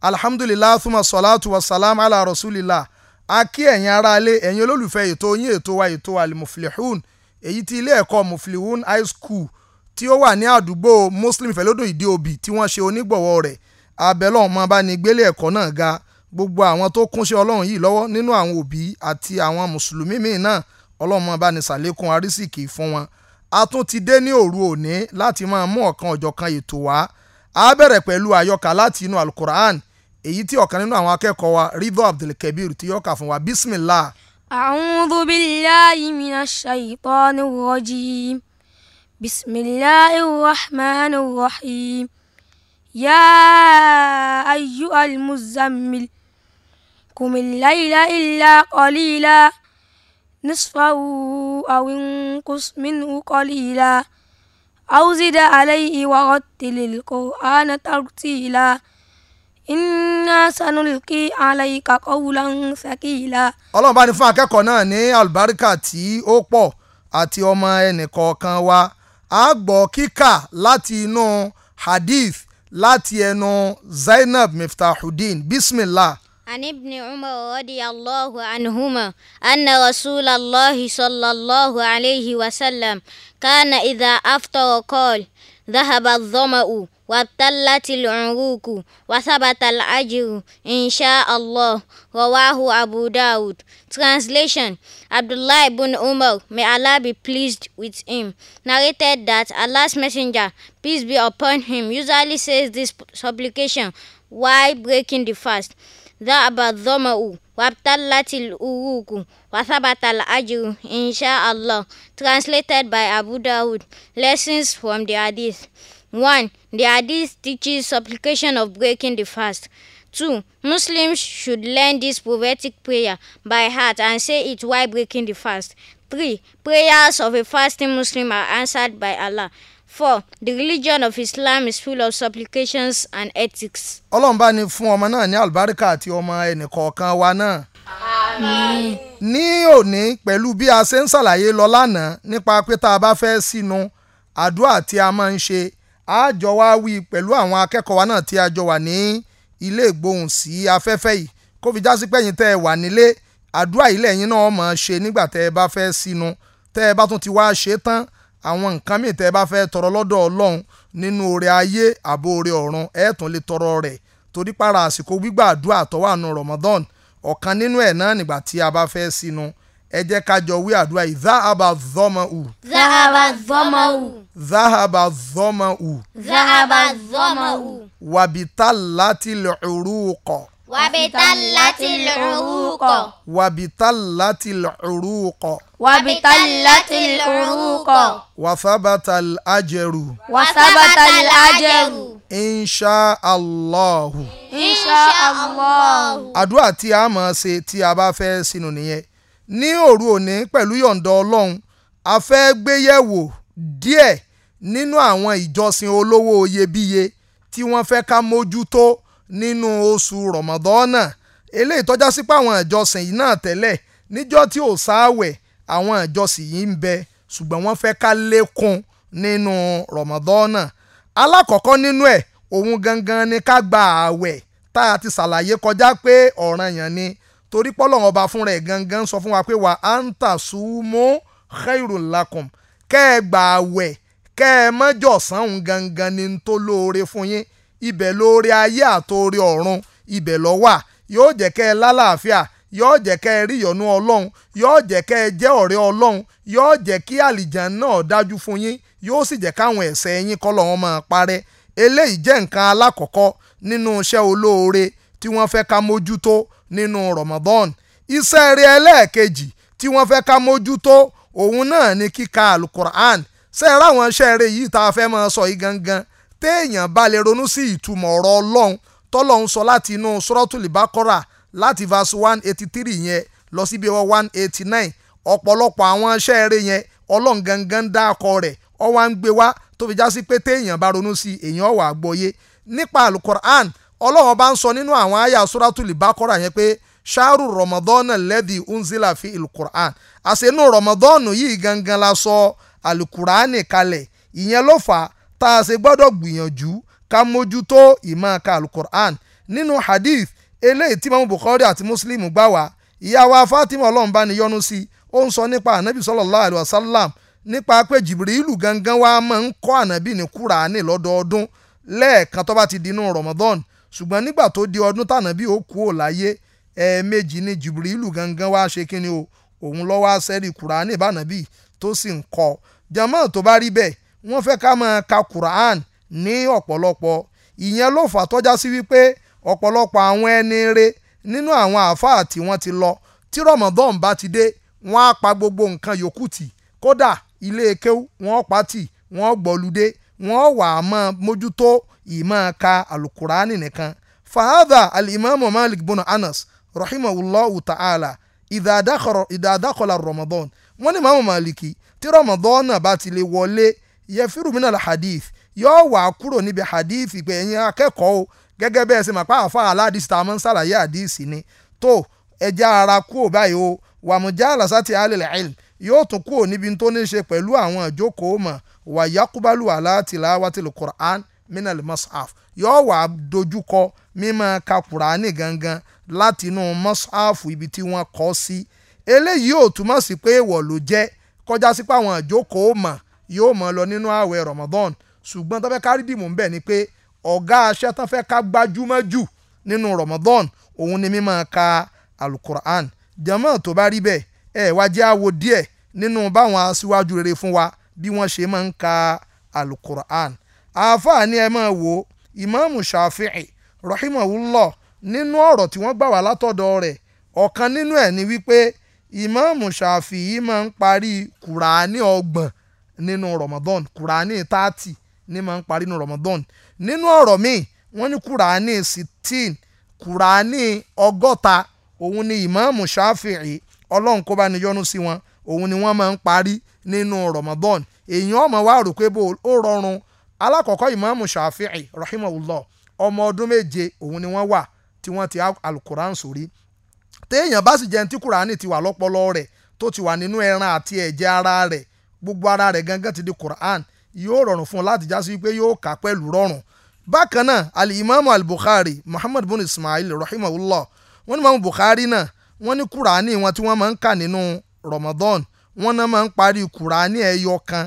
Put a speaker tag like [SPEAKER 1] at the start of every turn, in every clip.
[SPEAKER 1] alhamdulilah thumma salatu wa salam ala rasulillah a kí ẹ̀yin aráalé ẹ̀yin olólùfẹ́ ètò yín ètò wa ètò alimuflihun èyí tí ilé ẹ̀kọ́ muflihun high school tí ó wà ní àdúgbò muslim ìfẹ́lódùn ìdí òbí tí wọ́n ṣe onígbọ̀wọ́ rẹ̀ abẹ́lọ́ ọmọ bá ní gbélé ẹ̀kọ́ náà ga gbogbo àwọn tó kúnṣẹ́ ọlọ́run yìí lọ́wọ́ nínú àwọn òbí àti àwọn mùsùlùmí míì náà ọlọ́run bá ní sàlékún arísìkì fún wọn a tún ti dé ní òru òní láti máa mú ọ̀kan ọ̀jọ̀kan ètò wá a bẹ̀rẹ̀ pẹ̀lú àyọkà láti inú alukur'an èyí tí ọ̀kan nínú àwọn akẹ́kọ̀ọ́ wa Ridho Abdulkabir tí yóò kà fún wa bismillah.
[SPEAKER 2] a'udhu billahi minash shaitanir rajim bismillahir rahmanir rahim ya ayyuhal muzammil qumil layla illa qalila nisfahu aw inqus minhu qalila aw zid alayhi wa rattilil qur'ana inna sanulki alayka qawlan sakila.
[SPEAKER 1] ọlọ́run bá ní fún akẹ́kọ̀ọ́ náà ní àlùbáríkà tí ó pọ̀ àti ọmọ ẹnìkọ̀ọ̀kan wa a gbọ́ kíkà láti inú hadith láti ẹnu zainab miftahuddin bismillah.
[SPEAKER 2] عن ابن عمر رضي الله عنهما أن رسول الله صلى الله عليه وسلم كان إذا أفطر قال ذهب الظمأ وابتلت العروق وثبت الأجر إن شاء الله رواه Abu Dawud Translation Abdullah ibn Umar may Allah be pleased with him narrated that Allah's messenger peace be upon him usually says this supplication while breaking the fast ذهب الظمأ وابتلت الأروق وثبت الأجر إن شاء الله Translated by Abu Dawud Lessons from the Hadith One, The hadith teaches supplication of breaking the fast. Two, Muslims should learn this prophetic prayer by heart and say it while breaking the fast. Three, Prayers of a fasting Muslim are answered by Allah. Four, The religion of Islam is full of supplications and ethics.
[SPEAKER 1] Ọlọ́run bá ní fún ọmọ náà ní àlùbáríkà àti ọmọ ẹnìkọ̀ọ̀kan wa náà. Àmín. Ní òní pẹ̀lú bí a ṣe ń ṣàlàyé lọ lánàá nípa pé tá a bá fẹ́ sínú àdúrà tí a máa ń ṣe a jọ wá wí pẹ̀lú àwọn akẹ́kọ̀ọ́ wa náà tí a jọ wà ní ilé ìgbohùn sí afẹ́fẹ́ yìí kó fi jásí pẹ́yìn tẹ́ ẹ wà nílé àdúrà ilé yín náà mọ̀ ṣe nígbà tẹ́ ẹ bá fẹ́ sínú tẹ́ ẹ bá tún ti wá ṣe tán àwọn nǹkan míì tẹ́ ẹ bá fẹ́ tọrọ lọ́dọ̀ ọlọ́run nínú oore ayé àbò oore ọ̀run ẹ tún lè tọrọ rẹ̀ torí para àsìkò gbígbà àdúrà tó wà Ramadan ọ̀kan nínú ẹ̀ náà nígbà tí a bá fẹ́ sínú ẹ jẹ́ ká jọ wí àdúrà yìí záhàbà zọ́mọ ù.
[SPEAKER 2] záhàbà zọ́mọ ù.
[SPEAKER 1] záhàbà zọ́mọ ù. záhàbà zọ́mọ ù. wàbítà láti lọ́ọ̀rù kọ̀.
[SPEAKER 2] wàbítà láti lọ́ọ̀rù kọ̀.
[SPEAKER 1] wàbítà láti lọ́ọ̀rù kọ̀.
[SPEAKER 2] wàbítà láti lọ́ọ̀rù kọ̀.
[SPEAKER 1] wàsábàtà àjẹrù.
[SPEAKER 2] wàsábàtà àjẹrù.
[SPEAKER 1] insha allahu.
[SPEAKER 2] insha allahu.
[SPEAKER 1] àdúrà tí a máa ṣe tí a bá fẹ́ sínú nìyẹn ní òru òní pẹ̀lú yọ̀ǹda ọlọ́run a fẹ́ gbéyẹ̀wò díẹ̀ nínú àwọn ìjọsìn olówó iyebíye tí wọ́n fẹ́ ká mójútó nínú oṣù rọ̀mọ̀dọ́nà eléyìí tọ́já sí pé àwọn ìjọsìn yìí náà tẹ́lẹ̀ níjọ́ tí ò sáàwẹ̀ àwọn ìjọsìn yìí ń bẹ ṣùgbọ́n wọ́n fẹ́ ká lékún nínú rọ̀mọ̀dọ́nà alákọ̀ọ́kọ́ nínú ẹ̀ òun gangan ni ká gba ààwẹ̀ tá a ti ṣàlàyé kọjá pé ọ̀ranyàn ni torí pọ́lọ́run ọba fúnra ẹ̀ gangan sọ fún wa pé wà á ń tà súnmọ́ khairun lakum kẹ́ ẹ gbà wẹ̀ kẹ́ ẹ mọ́jọ̀ sáhùn gangan ni tó lóore fún yín ibẹ̀ lóore ayé àtòrí ọ̀run ibẹ̀ ló wà yóò jẹ́ kẹ́ ẹ lálàáfíà yóò jẹ́ kẹ́ ẹ rí ìyọ́nú ọlọ́run yóò jẹ́ kẹ́ ẹ jẹ́ ọ̀rẹ́ ọlọ́run yóò jẹ́ kí àlìjàn náà dájú fún yín yóò sì jẹ́ káwọn ẹ̀ṣẹ̀ yín kọ́ lọ́wọ́n máa parẹ́ eléyìí jẹ́ nǹkan alákọ̀ọ́kọ́ nínú iṣẹ́ olóore tí wọ́n fẹ́ ká mójútó nínú Ramadan iṣẹ́ rẹ̀ ẹlẹ́ẹ̀kejì tí wọ́n fẹ́ ká mójútó òun náà ni kíka alukur'an ṣe é ráwọn iṣẹ́ rẹ̀ yìí tá a fẹ́ máa sọ yìí gangan téèyàn bá lè ronú sí ìtumọ̀ ọ̀rọ̀ ọlọ́run tọ́lọ́run sọ láti inú sọ́rọ́tùlì bákọ́rà láti verse one eighty three yẹn lọ sí bí wọ́n one eighty nine ọ̀pọ̀lọpọ̀ àwọn iṣẹ́ rẹ̀ yẹn ọlọ́run gangan dá akọ rẹ̀ ọ wá ń gbé wá tó fi já sí pé téèyàn bá ronú sí èèyàn wà gbọ́yé nípa alukur'an ọlọ́run bá ń sọ nínú àwọn àyà suratul Baqara yẹn pé ṣáàrù rọmọdọ́nà lẹ́dí unzila fi alukur'an àṣẹnú rọmọdọ́nù yìí gangan la sọ alukur'ani kalẹ̀ ìyẹn ló fà á tá a ṣe gbọ́dọ̀ gbìyànjú ká mójútó ìmọ̀ ka alukur'an nínú hadith eléyìí tí mamu Bukhari àti Muslim gbà wá ìyá wa Fatima ọlọ́run bá ní yọ́nú sí ó ń sọ nípa anabi sallallahu alayhi wa sallam nípa pé Jibrilu gangan wa máa ń kọ́ anabi ní kúránì lọ́dọọdún lẹ́ẹ̀kan tó bá ti dinú rọmọdọ́nù ṣùgbọ́n nígbà tó di ọdún tànàbí ó kú ò láyé ẹ̀ẹ̀mejì ni jìbìrìlù gangan wá ṣe kíni o òun lọ́ wá sẹ́rí kùránì bànàbí tó sì ń kọ́ jama tó bá rí bẹ́ẹ̀ wọ́n fẹ́ ká máa ka kùránì ní ọ̀pọ̀lọpọ̀ ìyẹn ló fà tọ́já sí wípé ọ̀pọ̀lọpọ̀ àwọn ẹni re nínú àwọn àáfàá tí wọ́n ti lọ tí Ramadan bá ti dé wọ́n á pa gbogbo nǹkan yòókù tì kódà ilé kéwú wọ́n pa tì wọ́n gbọ́lùdé wọ́n wà á mọ́ mójútó ìmọ̀ ka alukurani nìkan fahadà alimami malik bono anas rahimahullahu ta'ala ìdàdàkọ̀lá ramadan wọ́n ní mamu maliki tí ramadan náà bá ti lè wọlé yẹfiru minna la hadith yóò wà á kúrò níbi hadith ìpè ẹ̀yin akẹ́kọ̀ọ́ o gẹ́gẹ́ bẹ́ẹ̀ ṣe màpá àfa aládìsí tá máa ń ṣàlàyé hadith ni tó ẹja ara kú ò báyìí o wàmújà àlàsá ti alẹ́ ilm yóò tún kúrò níbi tó ní í ṣe pẹ̀lú àwọn ìjókòó mọ̀ wàyákúbálù aláàtìlá wátìlù quran minal musaf yóò wà dojúkọ mímọ́ ka kùránì gangan látinú musaf ibi tí wọ́n kọ́ sí eléyìí ò túmọ̀ sí pé èèwọ̀ ló jẹ́ kọjá sí pé àwọn ìjókòó mọ̀ yóò mọ̀ lọ nínú ààwẹ̀ ramadan ṣùgbọ́n tó fẹ́ ká rí dìmú ńbẹ̀ ni pé ọ̀gá aṣẹ́ tó ká gbajúmọ̀ jù nínú ramadan òun ni mímọ́ ka alukur'an jẹ́mọ́ tó bá rí bẹ́ẹ̀ ẹ wá jẹ́ àwo díẹ̀ nínú báwọn aṣíwájú rere fún wa bí wọ́n ṣe máa ń ka alukur'an àáfàá ni ẹ máa wò ìmáàmù ṣàfihì rahimahullah nínú ọ̀rọ̀ tí wọ́n gbà wá látọ̀dọ̀ rẹ̀ ọ̀kan nínú ẹ̀ ni wípé ìmáàmù ṣàfihì máa ń parí kùránì ọgbọ̀n nínú ramadan kùránì tààtì ní máa ń parí nínú ramadan nínú ọ̀rọ̀ míì wọ́n ní kùránì sixteen kùránì ọgọ́ta òun ni ìmáàmù ṣàfihì ọlọ́run kó bá ní yọ́nú sí wọn òun ni wọ́n máa ń parí nínú Ramadan èèyàn ọmọ wa rò pé bó ó rọrùn alákọ̀ọ́kọ́ ìmáàmù Shafi'i rahimahullah ọmọ ọdún méje òun ni wọ́n wà tí wọ́n ti alukuran sórí téèyàn bá sì jẹun tí kùránì ti wà lọ́pọlọ rẹ̀ tó ti wà nínú ẹran àti ẹ̀jẹ̀ ara rẹ̀ gbogbo ara rẹ̀ gangan ti di Quran yóò rọrùn fún un láti jásí wípé yóò kà pẹ̀lú rọrùn bákan náà alimami al-Bukhari Muhammad bin Ismail rahimahullah wọn ni mamu Bukhari náà wọ́n ní kùránì wọn tí wọ́n máa ń kà nínú Ramadan wọ́n náà máa ń parí kùránì ẹyọ kan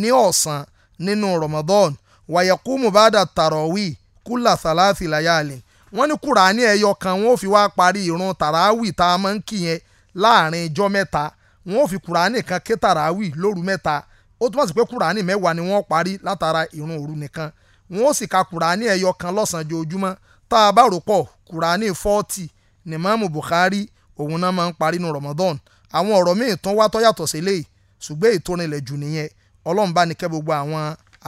[SPEAKER 1] ní ọ̀sán nínú Ramadan wàyẹ̀kú mubada tàràwí kula salasi láyàlì wọ́n ní kùránì ẹyọ kan wọ́n ò fi wá parí ìrun tàràwí tá a máa ń kí yẹn láàrin ijọ́ mẹ́ta wọ́n ò fi kùránì kan ké tàràwí lóru mẹ́ta ó túmọ̀ sí pé kùránì mẹ́wàá ni wọ́n parí látara ìrun òru nìkan wọ́n ó sì ka kùránì ẹyọ kan lọ́sàn-án jojúmọ́ tá a bá rò pọ̀ kùránì fọ́ọ̀tì ni Imam Bukhari òun náà máa ń parí nu Ramadan àwọn ọ̀rọ̀ míì tán wá tọ́ yàtọ̀ sí eléyìí ṣùgbọ́n èyí tó rinlẹ̀ jù nìyẹn ọlọ́run bá ní kẹ́ gbogbo àwọn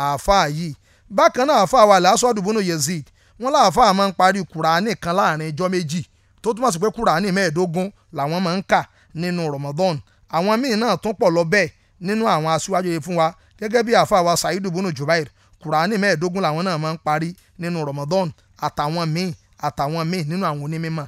[SPEAKER 1] àáfàá yìí bákan náà àáfàá wa làásọ̀dù bùnú Yazid wọn làáfàá máa ń parí kùránì kan láàrin ijọ́ méjì tó túmọ̀ sí pé kùránì mẹ́ẹ̀ẹ́dógún làwọn máa ń kà nínú Ramadan àwọn míì náà tún pọ̀ lọ bẹ́ẹ̀ nínú àwọn aṣíwájú yìí fún wa gẹ́gẹ́ bí àáfàá wa Saidu bùnú Jubair kùránì mẹ́ẹ̀ẹ́dógún làwọn náà máa ń parí nínú Ramadan àtàwọn míì àtàwọn míì nínú àwọn onímọ̀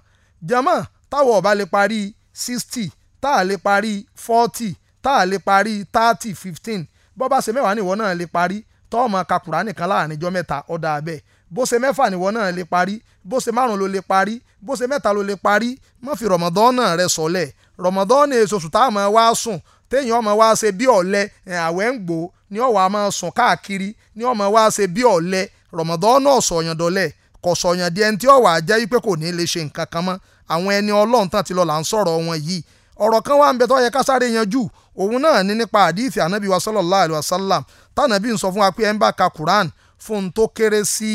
[SPEAKER 1] jama táwọn ọba lè parí sixty tá a lè parí forty tá a lè parí thirty fifteen bó bá ṣe mẹ́wàá nìwọ náà lè parí tọ́ọ̀mù kakura nìkan láàrin ijọ́ mẹ́ta ọ̀dà abẹ́ bó ṣe mẹ́fà nìwọ náà lè parí bó ṣe márùn ló lè parí bó ṣe mẹ́ta ló lè parí má fi rọ̀mọ̀dán náà rẹ sọ̀lẹ̀ rọ̀mọ̀dán ni èso sùtá máa wá sùn téèyàn máa wá ṣe bí ọ̀lẹ àwẹ̀ ń gbò ní ọ̀wà máa sùn káàkiri ní ọmọ wá ṣe bí ọ̀lẹ rọ̀mọ̀dán náà sọ̀yàn dọ̀lẹ̀ kò sọ̀yàn di ẹni tí ọ̀wà jẹ́ wípé kò ní lè ṣe nǹkan kan mọ́ àwọn ẹni ọlọ́run tán ti lọ là ń sọ̀rọ̀ wọn yìí ọ̀rọ̀ kan wà ń bẹ tó yẹ ká sáré yanjú òun náà ní nípa àdìsí ànábì wa sallallahu alayhi wa sallam tànàbí ń sọ fún wa pé ẹ ń bá ka Quran fún un tó kéré sí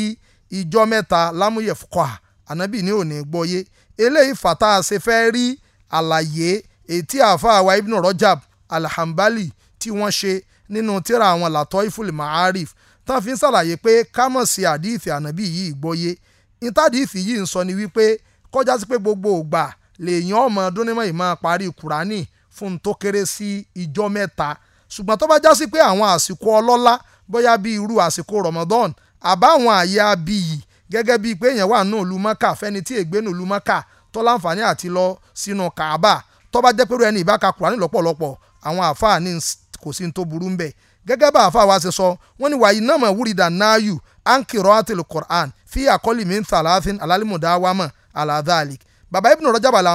[SPEAKER 1] ìjọ mẹ́ta lámúyẹ̀ fúkọ́ ànábì ní òní gbọ́yé eléyìí fàtà ṣe fẹ́ rí àlàyé ètí àáfàá wa Ibn Rajab al tí wọ́n ṣe nínú tíra àwọn làtọ́ iful ma'arif tán fi ń ṣàlàyé pé kámọ̀ sí àdìsí ànábì yìí gbọ́yé ìtàdìsí yìí ń sọ ni wípé kọjá sí pé gbogbo ògbà lèèyàn ọmọ dúnímọ̀ ìmọ̀ parí kùránì fún tó kéré sí ìjọ mẹ́ta ṣùgbọ́n tó bá já sí pé àwọn àsìkò ọlọ́lá bóyá bíi irú àsìkò Ramadan àbáwọn àyè abiyì gẹ́gẹ́ bíi pé èèyàn wà nù ìlú Mọ́kà fẹ́ni tí ègbé nù ìlú Mọ́kà tó láǹfààní àti lọ sínú Kaaba tó bá jẹ́ pé ẹni ìbá lọ́pọ̀lọpọ̀ àwọn àfáà ní kò sí ní tó burú ń bẹ̀ gẹ́gẹ́ bá àfa wa ṣe sọ wọ́n ní wàyí náà mọ̀ wúrìdà náàyù ankiro atil Qur'an fi àkọlì mi ń ta aláàfin alálìmọ̀dá wa mọ̀ aláàdáàlìk bàbá ibn Rajab al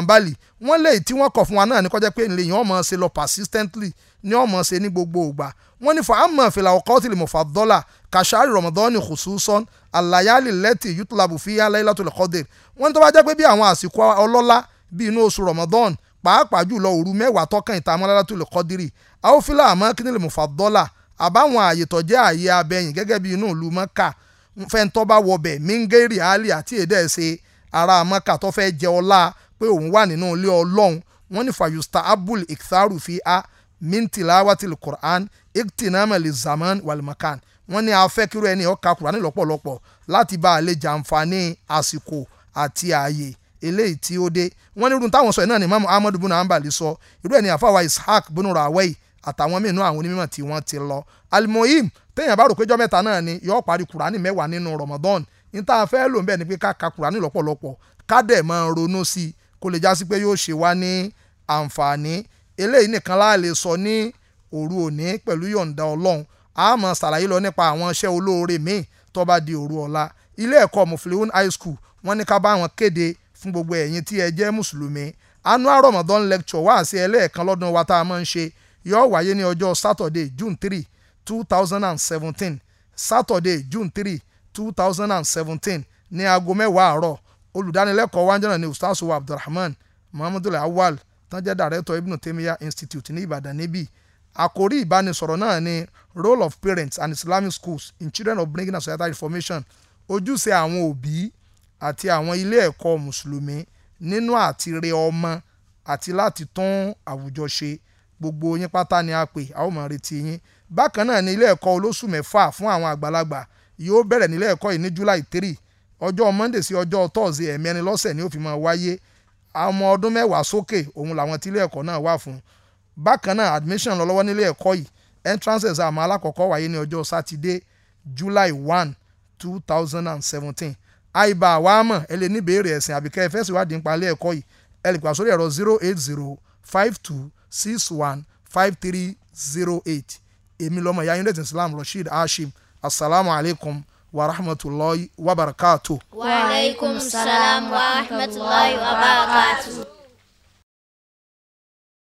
[SPEAKER 1] wọ́n lè tí wọ́n kọ̀ fún wa náà ní kọjá pé nlè yẹn ọmọ ṣe lọ persistently ní ọmọ ṣe ní gbogbo ògbà wọ́n ní fàámà fìlà ọkọ́tìlì mọ̀fàdọ́là kàṣáàrì rọ̀mọ̀dọ́nì kùsùsọ́n àlàyálì lẹ́tì yútùlábù fíyà láìlátùlẹ̀ kọ́dẹ̀rì wọ́n tó bá jẹ́ pé bí àwọn àsìkò ọlọ́lá bíi inú oṣù rọ̀mọ̀dọ́n pàápàá jùlọ òru mẹ́wàá tọ́kàn ìtààmú láìlátùlẹ̀ kọ́dẹ̀rì àwòfílà àmọ́ kínílẹ̀ mọ̀fàdọ́là àbáwọn ààyè tó jẹ́ ààyè abẹ́yìn gẹ́gẹ́ bí inú ìlú mọ́kà fẹ́ntọ́ bá wọbẹ̀ mingeri ali àti èdè ṣe ara mọ́kà tó fẹ́ jẹ ọlá pé òun wà nínú ilé ọlọ́run wọ́n ní fayusta abul iktharu fi a mintilawatil quran iktinamali zaman walmakan wọ́n ní afẹ́kírú ẹni ó ka kùránì lọ́pọ̀lọpọ̀ láti bá a lè jàǹfààní àsìkò àti ààyè eléyìí tí ó dé wọ́n ní irun táwọn sọ yìí náà ni mamu ahmadu bin ambali sọ irú ẹni àfàwà ishaq bin rawai àtàwọn mìíràn àwọn onímọ̀ tí wọ́n ti lọ alimoyim téèyàn bá rò péjọ mẹ́ta náà ni yóò parí kùránì mẹ́wàá nínú Ramadan ní tá a fẹ́ lò ń bẹ̀ ni pé ká ka kùránì lọ́pọ̀lọpọ̀ ká dẹ̀ máa ronú sí i kó lè já sí pé yóò ṣe wá ní àǹfààní eléyìí nìkan láà sọ ní òru òní pẹ̀lú yọ̀ǹda Ọlọ́run a máa ṣàlàyé lọ nípa àwọn iṣẹ́ olóore míì tó bá di òru ọ̀la ilé ẹ̀kọ́ mufiliun high school wọ́n ní ká bá wọn kéde fún gbogbo ẹ̀yin tí ẹ jẹ́ mùsùlùmí annual Ramadan lecture wá sí ẹlẹ́ẹ̀kan lọ́dún wa tá a máa ń ṣe yóò wáyé ní ọjọ́ Saturday June three two thousand and seventeen Saturday June three two thousand and seventeen ní aago mẹ́wàá àárọ̀ olùdánilẹ́kọ̀ọ́ wájú náà ni ustaasu Abdulrahman Muhammadul Awal tán dàrẹ́tọ̀ Ibn Taymiyyah Institute ní Ìbàdàn níbí àkórí ìbánisọ̀rọ̀ náà ni role of parents and Islamic schools in children of bringing and societal reformation ojúṣe àwọn òbí àti àwọn ilé ẹ̀kọ́ mùsùlùmí nínú àti rẹ ọmọ àti láti tún àwùjọ ṣe gbogbo yín pátá ni a pè a ó máa retí yín bákan náà ni ilé ẹ̀kọ́ olóṣù mẹ́fà fún àwọn àgbàlagbà yóò bẹ̀rẹ̀ nílé ẹ̀kọ́ yìí ní July three ọjọ́ Monday sí ọjọ́ Thursday ẹ̀mẹ́rin lọ́sẹ̀ ni ó fi máa wáyé ọmọ ọdún mẹ́wàá sókè òun làwọn tí ilé ẹ̀kọ́ náà wà fún bákan náà admission lọ́wọ́ nílé ẹ̀kọ́ yìí entrance exam alákọ̀ọ́kọ́ wáyé ní ọjọ́ Sátidé July one two thousand and seventeen àìbá àwa mọ̀ ẹ lè níbèrè ẹ̀sìn àbíkẹ́ ẹ fẹ́ ṣèwádìí nípa ilé ẹ̀kọ́ yìí ẹ lè pàṣẹ sórí ẹ̀rọ zero eight zero five two six one five three zero eight èmi lọ́mọ ìyá united islam rasheed hashim asalaamu alaykum wa rahmatulahi wa barakatu. wa aleykum salaam wa rahmatulahi wa barakatu.